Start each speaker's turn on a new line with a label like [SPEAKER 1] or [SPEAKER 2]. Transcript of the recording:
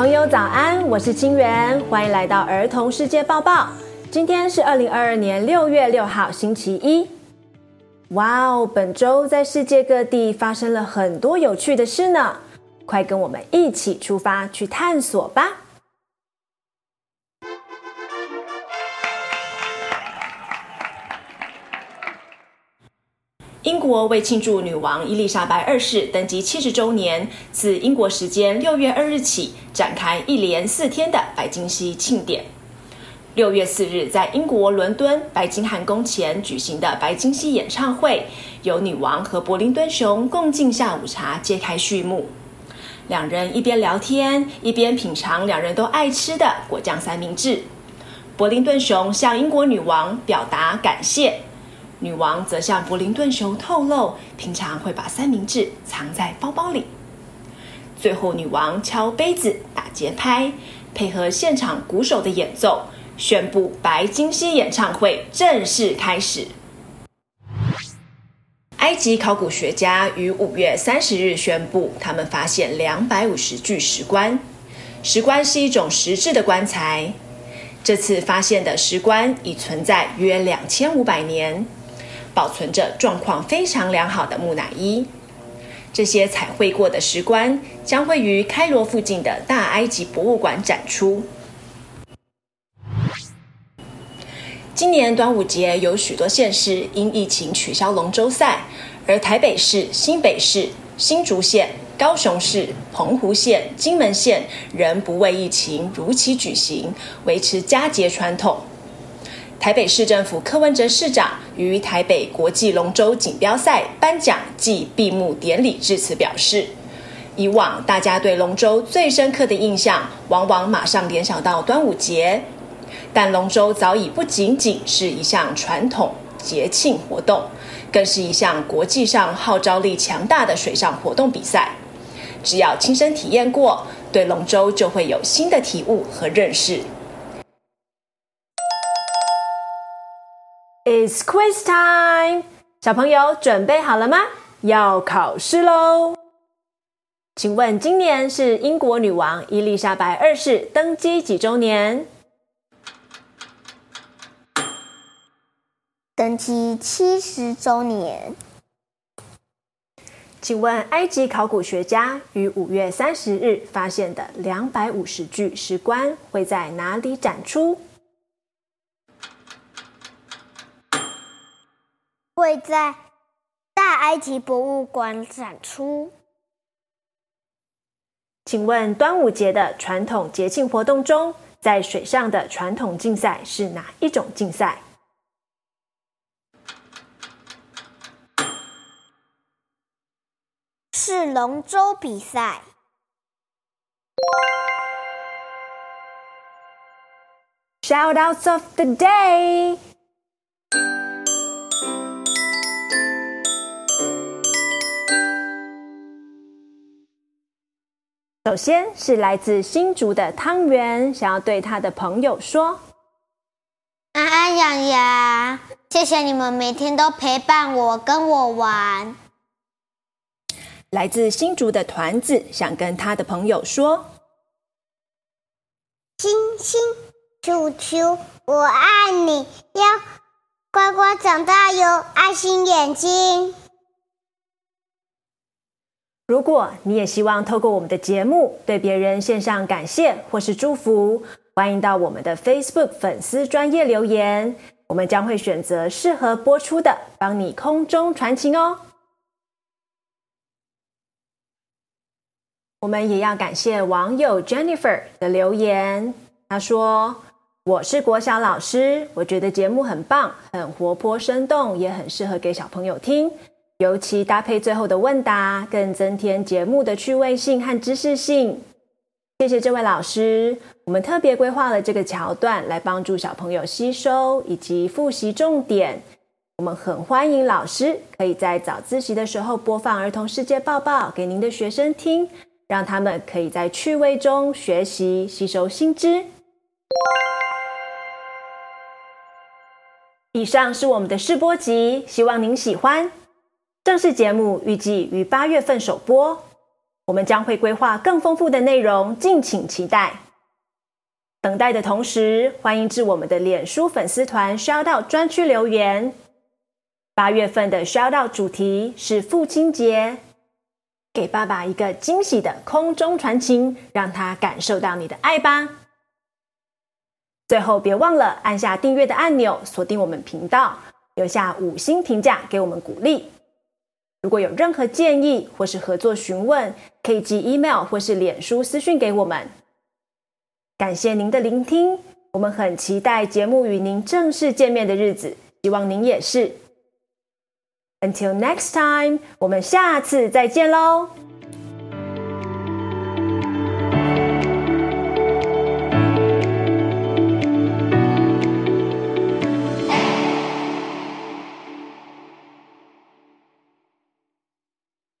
[SPEAKER 1] 朋友早安，我是清源，歡迎來到兒童世界報報。今天是二零二二年六月六號星期一，哇哦！本周在世界各地發生了很多有趣的事呢，快跟我們一起出發去探索吧。英國為慶祝女王伊麗莎白二世登基七十周年，自英國時間六月二日起展開一連四天的白金禧慶典。六月四日，在英國倫敦白金漢宮前舉行的白金禧演唱會，由女王和柏靈頓熊共進下午茶揭開序幕。兩人一邊聊天，一邊品嘗兩人都愛吃的果醬三明治。柏靈頓熊向英國女王表達感謝。女王則向柏靈頓熊透露，平常會把三明治藏在包包裡。最後，女王敲杯子打節拍，配合現場鼓手的演奏，宣布白金禧演唱會正式開始。埃及考古學家於五月三十日宣布，他們發現兩百五十具石棺。石棺是一種石質的棺材。這次發現的石棺已存在約兩千五百年。保存着狀況非常良好的木乃伊，這些彩繪過的石棺將會於開羅附近的大埃及博物館展出。今年端午節有許多縣市因疫情取消龍舟賽，而台北市、新北市、新竹縣、高雄市、澎湖縣、金門縣仍不畏疫情，如期舉行，維持佳節傳統。台北市政府柯文哲市長於台北國際龍舟錦標賽頒獎暨閉幕典禮致辭表示，以往大家對龍舟最深刻的印象，往往馬上聯想到端午節。但龍舟早已不僅僅是一項傳統節慶活動，更是一項國際上號召力強大的水上活動比賽。只要親身體驗過，對龍舟就會有新的體悟和認識。It's quiz time，小朋友準備好了嗎？要考試嘍！請問今年是英國女王伊莉莎白二世登基幾周年？登基七十周年。請問埃及考古學家於五月三十日發現的兩百五十具石棺會在哪裡展出？會在大埃及博物館展出。請問，端午節的傳統節慶活動中，在水上的傳統競賽是哪一種競賽？是龍舟比賽。Shoutouts of the day。首先是來自新竹的湯圓，想要對他的朋友說：“安安洋洋，謝謝你們每天都陪伴我，跟我玩。”來自新竹的團子想跟他的朋友說：“星星球球，我愛你，要乖乖長大喲，愛心眼睛。”如果你也希望透過我們的節目對別人獻上感謝或是祝福，歡迎到我們的 Facebook 粉絲專頁留言，我們將會選擇適合播出的，幫你空中傳情哦。我們也要感謝網友 Jennifer 的留言，他說：“我是國小老師，我覺得節目很棒，很活潑生動，也很適合給小朋友聽。”尤其搭配最後的問答，更增添節目的趣味性和知識性。謝謝這位老師，我們特別規劃了這個橋段來幫助小朋友吸收以及複習重點。我們很歡迎老師可以在早自習的時候播放《兒童世界報報》給您的學生聽，讓他們可以在趣味中學習、吸收新知。以上是我們的試播集，希望您喜歡。正式節目預計於八月份首播，我們將會規劃更豐富的內容，敬請期待。等待的同時，歡迎至我們的臉書粉絲團 shoutout 專區留言。八月份的 shoutout 主題是父親節，給爸爸一個驚喜的空中傳情，讓他感受到你的愛吧。最後，別忘了按下訂閱的按鈕，鎖定我們頻道，留下五星評價給我們鼓勵。如果有任何建議或是合作詢問，可以寄 email 或是臉書私訊給我們。感謝您的聆聽，我們很期待節目與您正式見面的日子，希望您也是。Until next time，我們下次再見囉。